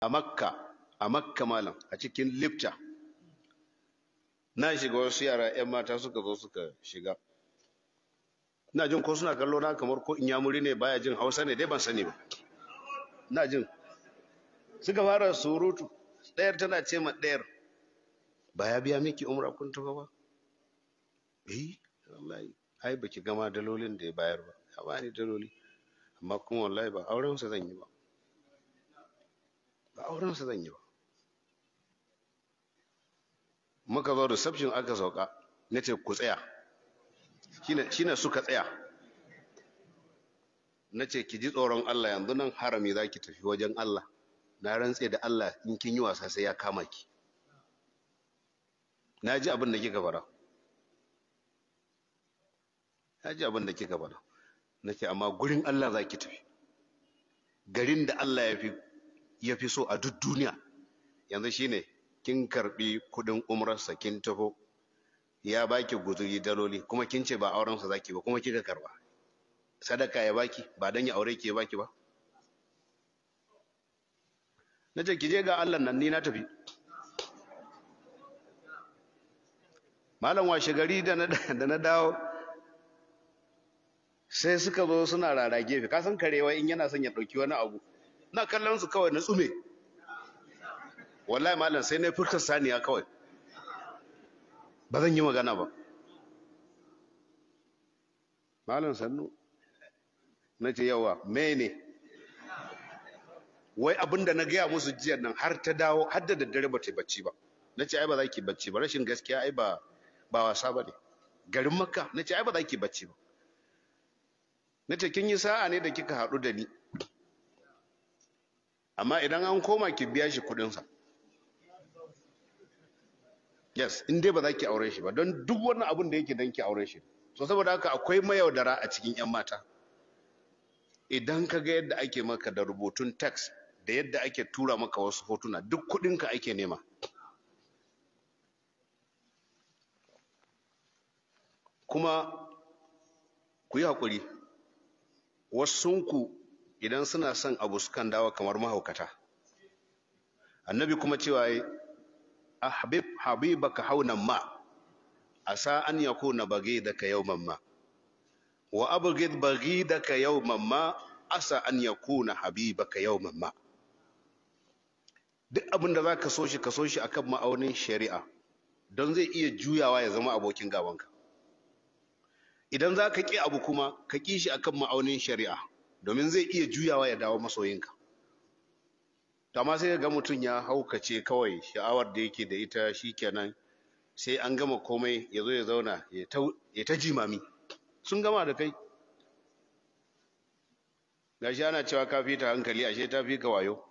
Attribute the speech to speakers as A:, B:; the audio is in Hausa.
A: a makka a makka malam a cikin lifta na shiga wasu yara 'yan mata suka zo suka shiga ina jin ko suna kallo na kamar ko inyamuri ne baya jin hausa ne dai ban sani ba ina jin suka fara surutu ɗayar tana ce ma ɗayar ba ya biya miki umra kun tafi ba eh wallahi ai baki gama dalolin da ya bayar ba ya bani daloli amma kuma wallahi ba auren sa zan yi ba ba auren su zan yi ba muka zo reception aka sauka na ce ku tsaya shine suka tsaya na ce ki ji tsoron Allah yanzu nan harami za ki tafi wajen Allah na rantse da Allah in kin yi wasa sai ya kama ki na ji abin da kika fara na ji abin da kika fara na ce amma gurin Allah za ki tafi garin da Allah ya fi ya fi so a duk duniya yanzu shine kin karbi kudin umrarsa kin taho ya baki guzuri daloli kuma kin ce ba aurensa zaki ba kuma kika karba sadaka ya baki ba dan ya aure ki ya baki ba nace ki je ga Allah nan ni na tafi malam washe gari da na dawo sai suka zo suna rara gefe kasan karewa in yana son ya ɗauki wani abu na kallon su kawai na tsume wallahi malam sai na furta saniya kawai ba zan yi magana ba malam sannu na ce yawa mene wai abinda na gaya musu jiya nan har ta dawo har da daddare ba ta bacci ba na ce ai ba za ki bacci ba rashin gaskiya ai ba ba wasa ba ne garin makka na ce ai ba za ki bacci ba na ce kin yi sa'a ne da kika haɗu da ni amma idan an koma ki biya shi kudinsa yes in dai ba za ki aure shi ba don duk wani abin da yake don ki aure shi so saboda haka akwai mayaudara a cikin 'yan mata idan ka ga yadda ake maka da rubutun text da yadda ake tura maka wasu hotuna duk kudinka ake nema kuma ku yi haƙuri wasunku idan suna son abu sukan dawa kamar mahaukata annabi kuma cewa ahbib hau haunan ma A sa an yakuna daga yawman ma wa mamma. A yawman ma asa an yakuna habibaka yau ma duk abin da ka so shi ka so shi akan ma'aunin shari'a don zai iya juyawa ya zama abokin gabanka idan za ka ƙi abu kuma ka ƙi shi akan ma'aunin shari'a domin zai iya juyawa ya dawo masoyinka amma sai ga mutum ya haukace kawai sha'awar da yake da ita shi shikenan sai an gama komai ya zo ya zauna ya ta jimami sun gama da kai gashi ana cewa ka fi ta hankali ashe ta fi ka wayo